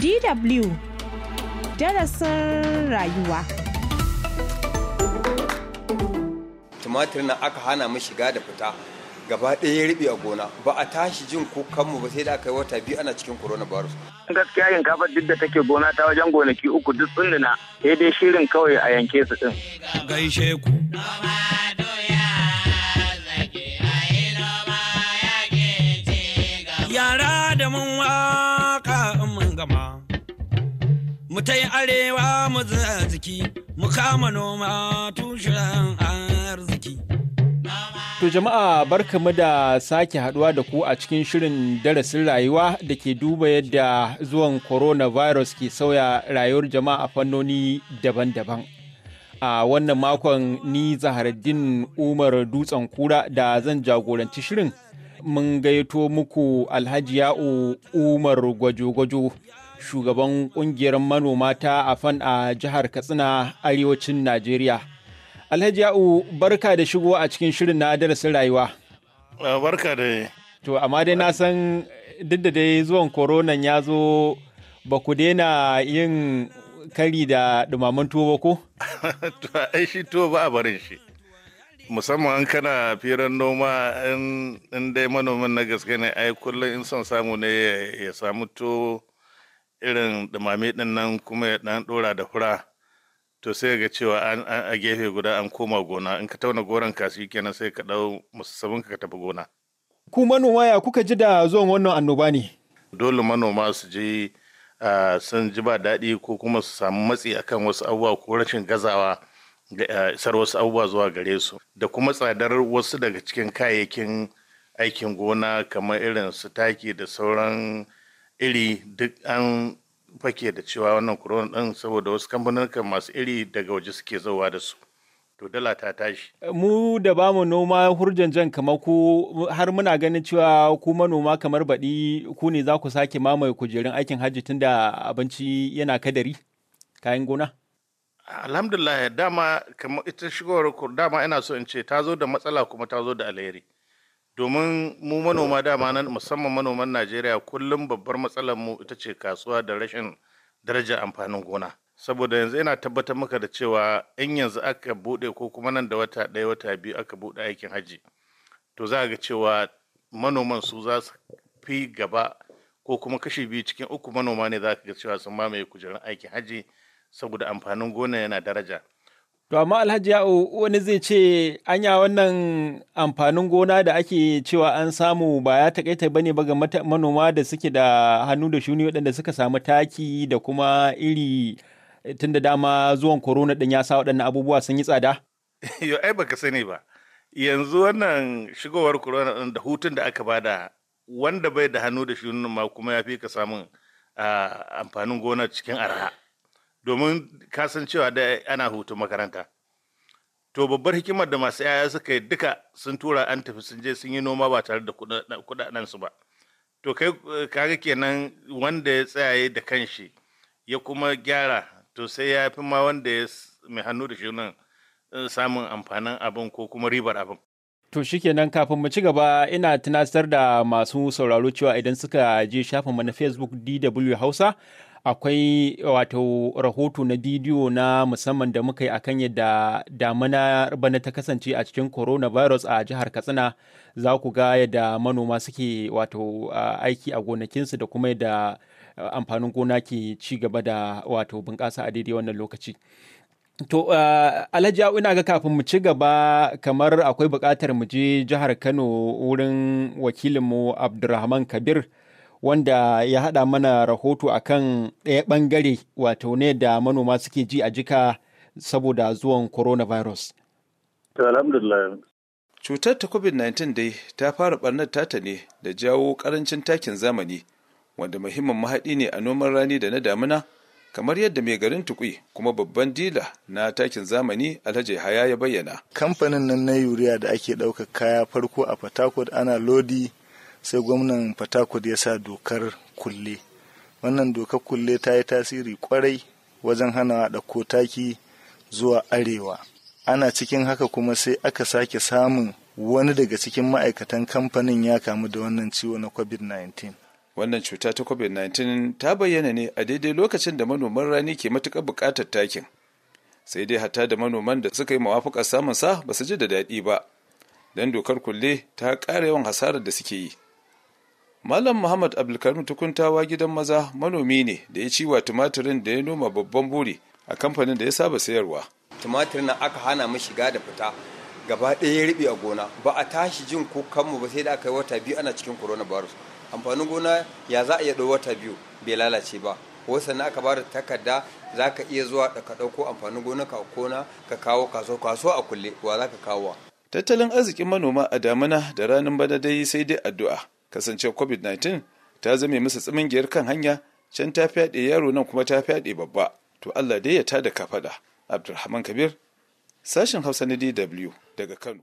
DW darasin rayuwa. Tumatir na aka hana mu shiga da fita gaba ɗaya ya riɓe a gona ba a tashi jin kukanmu ba sai da aka yi wata biyu ana cikin coronavirus. gaskiya shinkafa duk da take gona ta wajen gonaki uku duk tsunduna sai dai shirin kawai a yanke su ɗin. Gaishe ku. mu ta yi arewa mu ziki mu kama noma tushen arziki. To jama'a barkamu da sake haduwa da ku a cikin shirin darasin rayuwa da ke duba yadda zuwan coronavirus ke sauya rayuwar jama'a a fannoni daban-daban. A wannan makon ni Zaharaddin Umar Dutsen Kura da zan jagoranci shirin mun gaito muku Alhaji Ya'u Umar Gwajo-gwajo shugaban kungiyar manoma ta afan a jihar katsina arewacin najeriya alhaji ya'u barka da shigo a cikin shirin na darasin rayuwa ah, barka da to amma dai na san duk da dai zuwan koronan ya zo ba ku daina yin kari da dumaman tuwo ba ko to ai shi tuwo ba a barin shi musamman an kana firan noma in dai manomin na gaske ne ai kullum in son samu ne ya samu to irin dumame ɗin nan kuma ya dan ɗora da fura to sai ga cewa an a gefe guda an koma gona in ka tauna goron ka shi kenan sai ka dau musabbin ka tafi gona ku manoma ya kuka ji da zuwan wannan annoba ne dole manoma su je sun ji ba daɗi ko kuma su samu matsi akan wasu abubuwa ko rashin gazawa sar wasu abubuwa zuwa gare su da kuma tsadar wasu daga cikin kayayyakin aikin gona kamar irin su taki da sauran iri duk an fake da cewa wannan corona din saboda wasu kamfanin masu iri daga waje suke zauwa da su to dala ta tashi. Mu da ba mu noma hurjan jan kamar ku har muna ganin cewa ku manoma kamar baɗi ku ne za ku sake mamaye kujerun aikin hajji tunda abinci yana kadari kayan gona? Alhamdulillah dama kamar ita shigowar dama ina so in ce ta zo da matsala kuma ta zo da alheri. domin mu manoma dama nan musamman manoman najeriya kullum babbar matsalar mu ita ce kasuwa da rashin darajar amfanin gona saboda yanzu yana tabbatar maka da cewa yan yanzu aka bude ko kuma nan da wata ɗaya wata biyu aka bude aikin hajji to za ga cewa manoman su za su fi gaba ko kuma kashi biyu cikin uku manoma ne za ka ga cewa sun mamaye kujerun aikin hajji saboda amfanin gona yana daraja To amma Alhaji Ya'u wani zai ce anya wannan amfanin gona da ake cewa an samu ba ya takaita ba ne ba ga manoma da suke da hannu da shuni waɗanda suka samu taki da kuma iri eh, tun da dama zuwan korona ɗin ya sa waɗannan abubuwa sun yi tsada? Yo ai baka sani ba. Yanzu wannan shigowar korona ɗin da hutun da aka bada wanda bai da hannu da shuni ma kuma ya fi ka samun ah, amfanin gona cikin araha. domin kasancewa da ana hutun makaranta to babbar hikimar da masu yaya suka yi duka sun tura an tafi sun je sun yi noma ba tare da kudaden su ba to kai kaga kenan wanda ya tsayaye da kanshi ya kuma gyara to sai ya fi ma wanda ya mai hannu da shunan eh, samun amfanin abin ko kuma ribar abin To shikenan kafin mu ci gaba ina tunatar da masu sauraro cewa idan suka je shafin mana Facebook DW Hausa akwai wato rahoto na bidiyo na musamman da muka yi akan yadda damuna bana ta kasance a cikin coronavirus a jihar katsina za ku ga yadda manoma suke wato aiki a gonakinsu da kuma yadda amfanin gona ke ci gaba da wato bunƙasa a daidai wannan lokaci To, uh, Alhaji ina ga kafin mu ci gaba kamar akwai buƙatar mu je jihar Kano wurin wakilinmu Abdulrahman Kabir wanda ya haɗa mana rahoto a kan ɗaya ɓangare wato ne da manoma suke ji a jika saboda zuwan coronavirus. Alhamdulillah. Cutar ta COVID-19 dai ta fara ɓarnar tata ne da jawo ƙarancin takin zamani wanda muhimmin mahaɗi ne a noman rani da na damuna kamar yadda mai garin tukui kuma babban dila na takin zamani alhaji haya ya bayyana kamfanin nan na yuriya da ake ɗaukar kaya farko a fatakot ana lodi sai gwamnan fatakud ya sa dokar kulle wannan dokar kulle ta yi tasiri kwarai wajen hana da taki zuwa arewa ana cikin haka kuma sai aka sake samun wani daga cikin ma'aikatan kamfanin ya kamu da wannan ciwo na covid-19 wannan cuta ta covid-19 ta bayyana ne a daidai lokacin da manoman rani ke matuƙar buƙatar takin sai dai hata da manoman da suka yi mawafukar samun sa ba su ji da daɗi ba don dokar kulle ta ƙara yawan hasarar da suke yi Malam Muhammad Abdulkarim tukuntawa gidan maza manomi ne da ya ciwa tumatirin da ya noma babban buri a kamfanin da ya saba sayarwa. Tumatirin na aka hana mu shiga da fita gaba ɗaya ya riɓe a gona ba a tashi jin kukanmu ba sai da aka yi wata biyu ana cikin coronavirus. Amfanin gona ya za a iya ɗau wata biyu bai lalace ba. Wasu na aka bada takarda za ka iya zuwa da ka ɗauko amfanin gona ka kona ka kawo kasuwa kaso a kulle wa za ka kawo. Tattalin arzikin manoma a damina da ranar bana dai sai dai addu'a. kasance covid-19 ta zame masa tsimingiyar kan hanya can ta fyaɗe yaro nan kuma ta fyaɗe babba to allah dai ya tada faɗa abdulrahman kabir sashen hausa na dw daga kano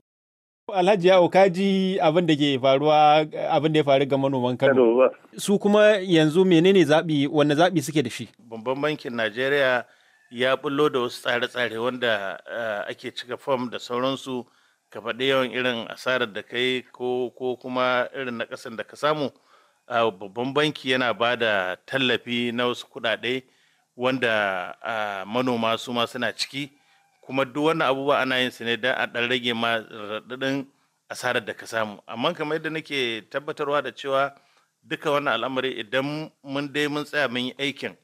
Alhaji ya kaji abin da ke faruwa abin da ya faru ga manoman Kano. Su kuma yanzu menene zaɓi wanne zaɓi suke da shi? Babban bankin Najeriya ya bullo da wasu tsare-tsare wanda eh, ake cika fom da sauransu ka faɗi yawan irin asarar da kai ko ko kuma irin na ƙasan da ka samu a babban banki yana ba da tallafi na wasu kuɗaɗe wanda manoma su ma suna ciki kuma duk wannan abubuwa ana yin su ne don a ɗan rage ma raɗaɗin asarar da ka samu amma kamar yadda nake tabbatarwa da cewa duka wannan al'amari idan mun dai mun tsaya mun yi aikin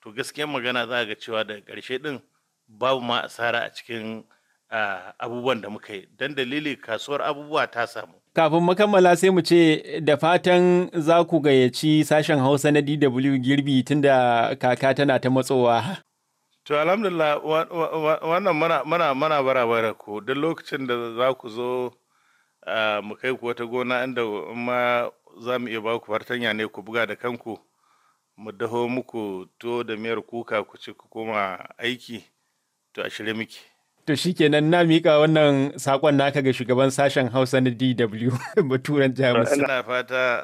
to gaskiya magana za a ga cewa daga ƙarshe ɗin babu ma asara a cikin uh, abubuwan da muka yi don dalili kasuwar abubuwa ta samu kafin makammala sai mu ce da fatan za ku gayyaci sashen hausa na dw girbi tunda kaka tana ta matsowa to alhamdulillah wannan mana mana bara ku duk lokacin da za ku zo mu kai ku wata gona inda ma za mu iya ba ku fartanya ne ku buga da kanku mu daho muku to da miyar kuka ku ci ku koma aiki to a shirye muke To shi kenan, na mika wannan sakon naka ga shugaban sashen Hausa na DW Baturan Jamus. Ina fata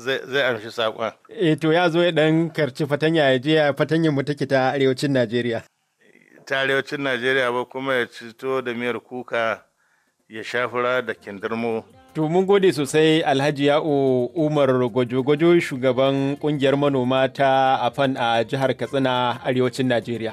zai amshi sakon. E eh, to ya zo ya dan karci fatanya ya je ya fatanya mu take ta arewacin Najeriya. Ta arewacin Najeriya ba kuma ya cito da miyar kuka ya shafura da kindirmo. To mun gode sosai Alhaji Ya'u Umar gwajo Gojo shugaban kungiyar manoma ta Afan a jihar Katsina arewacin Najeriya.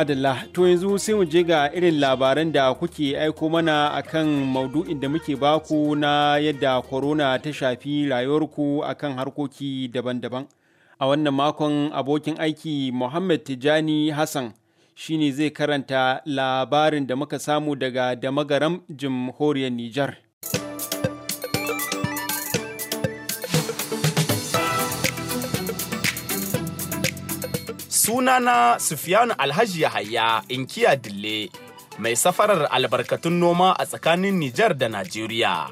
madalla to yanzu sai mu je ga irin labaran da kuke aiko mana akan maudu'in da muke baku na yadda korona ta shafi rayuwarku akan harkoki daban-daban a wannan makon abokin aiki Muhammad Tijani Hassan shine zai karanta labarin da muka samu daga damagaram jamhuriyar Nijar. Sunana Sufiyanu Alhaji Yahaya Inkiya Dille, mai safarar albarkatun noma a tsakanin Nijar da Najeriya.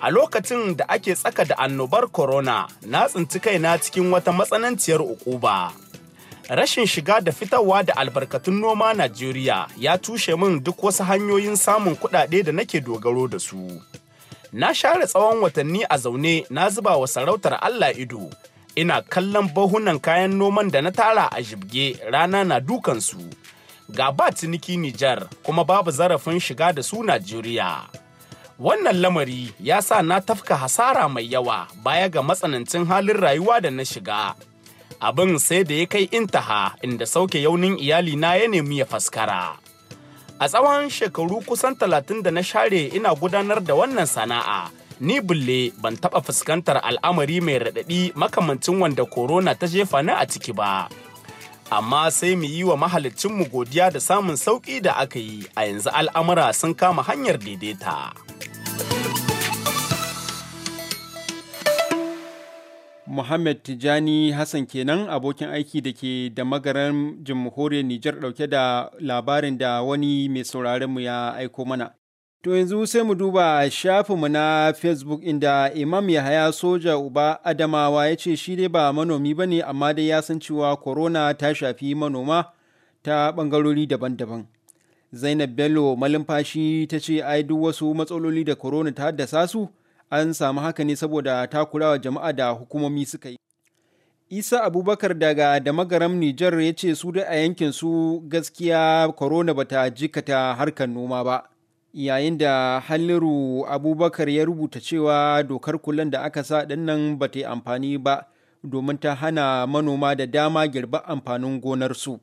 A lokacin da ake tsaka da annobar corona na tsinci kaina cikin wata matsananciyar ukuba. Rashin shiga da fitarwa da albarkatun noma Najeriya ya tushe min duk wasu hanyoyin samun kuɗaɗe da nake dogaro da su. Na share tsawon watanni a zaune na zuba wa sarautar Allah ido, ina kallon bahunan kayan noman da na tara a jibge rana na dukansu ga ba ciniki Nijar kuma babu zarafin shiga da su Najeriya. Wannan lamari ya sa na tafka hasara mai yawa baya ga matsanancin halin rayuwa da na shiga. Abin sai da ya kai intaha inda sauke yaunin iyalina ya nemi ya faskara. A tsawon shekaru kusan talatin da na share ina gudanar da wannan sana'a ni bulle ban taɓa fuskantar al'amari mai raɗaɗi makamancin wanda korona ta jefa ni a ciki ba. Amma sai mu yi wa mahalicinmu godiya da samun sauƙi da aka yi a yanzu al'amura sun kama hanyar daidaita. Muhammad Tijani Hassan kenan abokin aiki da ke da magaran jamhuriyar Nijar ɗauke da labarin da wani mai mu ya aiko mana. To yanzu sai mu duba shafinmu na Facebook inda Imam Yahaya Soja Uba Adamawa ya ce shi dai ba manomi ba ne amma dai ya san cewa corona ta shafi manoma ta bangarori daban-daban. Zainab Bello malumfashi ta ce ai duk wasu matsaloli da corona ta haddasa su an samu haka ne saboda ta wa jama'a da hukumomi suka yi. Isa Abubakar daga Damagaram Nijar ya ce su da a yankin su gaskiya corona bata jikata harkar noma ba. yayin da halliru abubakar ya rubuta cewa dokar kullum da aka sa ɗannan ba ta yi amfani ba domin ta hana manoma da dama girba amfanin gonarsu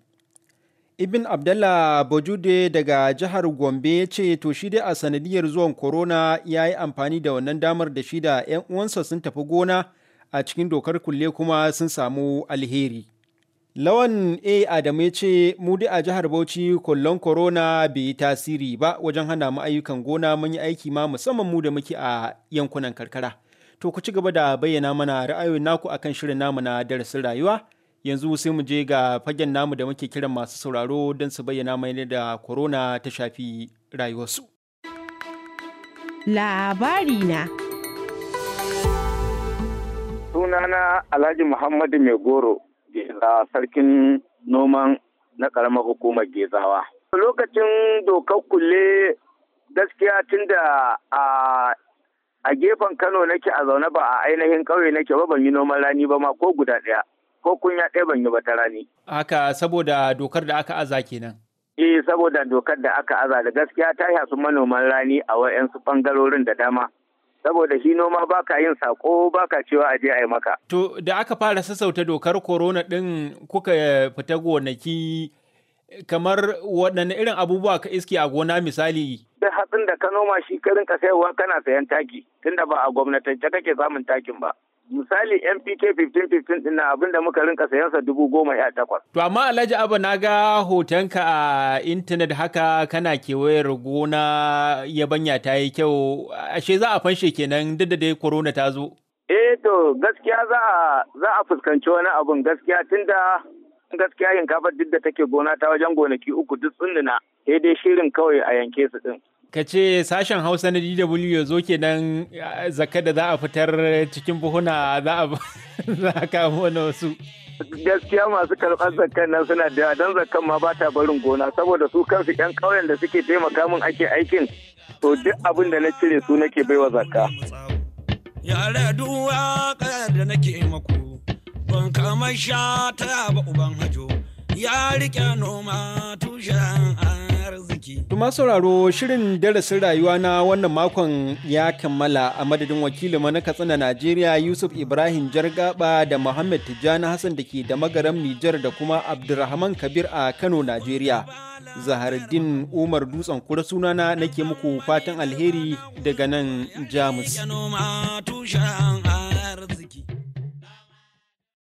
ibn abdallah bajude daga jihar gombe ya ce to shi dai a sanadiyar zuwan corona ya yi amfani da wannan damar da shi da 'yan uwansa sun tafi gona a cikin dokar kulle kuma sun samu alheri Lawan A. Adamu ya ce, mu a jihar Bauchi kullon korona bai yi tasiri ba wajen hana mu ayyukan gona mun yi aiki ma musamman mu da muke a yankunan karkara. To ku ci gaba da bayyana mana ra'ayoyin naku akan shirin namu na darasin rayuwa. Yanzu sai mu je ga fagen namu da muke kiran masu sauraro don su bayyana mana da korona ta shafi rayuwarsu. Labari na. Sunana Alhaji Muhammadu Mai sarkin noman na ƙaramar hukumar gezawa. Lokacin dokar kulle gaskiya tun da a gefen Kano nake a zaune ba a ainihin ƙauye nake ba ban yi noman rani ba ma ko guda ɗaya ko kunya ɗaya ban yi ba ta rani. Haka saboda dokar da aka aza kenan. Eh saboda dokar da aka aza da gaskiya ta yasu manoman rani a wa'yansu ɓangarorin da dama. saboda shi noma ba ka yin sako ka cewa a je a yi maka. To da aka fara sassauta dokar korona ɗin kuka eh, fita gonaki kamar waɗanne irin abubuwa ka iske a gona misali. Da hatsin da ka noma shi karin ka sayarwa kana sayan taki tunda ba a gwamnatance kake samun takin ba. misali MPK 15-15 abin da muka rinka sa dubu goma ya takwas. To amma Alhaji Abba na ga hotonka a intanet haka kana kewayar gona yabanya ta yi kyau ashe za a fanshe kenan duk da dai korona ta zo. Eh to gaskiya za a za a fuskanci wani abun gaskiya tunda gaskiya yin duk da take gona ta wajen gonaki uku duk tsunnuna sai dai shirin kawai a yanke su din. ka ce sashen hausa na dw ya zo kenan zaka da za a fitar cikin buhuna za a kawo wani wasu gaskiya masu karɓar zakan nan suna da don zakan ma ba ta barin gona saboda su kansu yan ƙauyen da suke taimaka min ake aikin to duk abin da na cire su nake baiwa zaka. yare duwa da nake maku ban kamar sha ta ba uban hajo ya rike noma tushen arziki ji. Tuma sauraro shirin darasin rayuwa na wannan makon ya kammala a madadin wakilin na Katsina Najeriya Yusuf Ibrahim Jargaba da Muhammad Tijjani Hassan da ke da magaram Nijar da kuma Abdulrahman Kabir a Kano Najeriya. Zahardin Umar Dutsen kura sunana nake muku fatan alheri daga nan Jamus.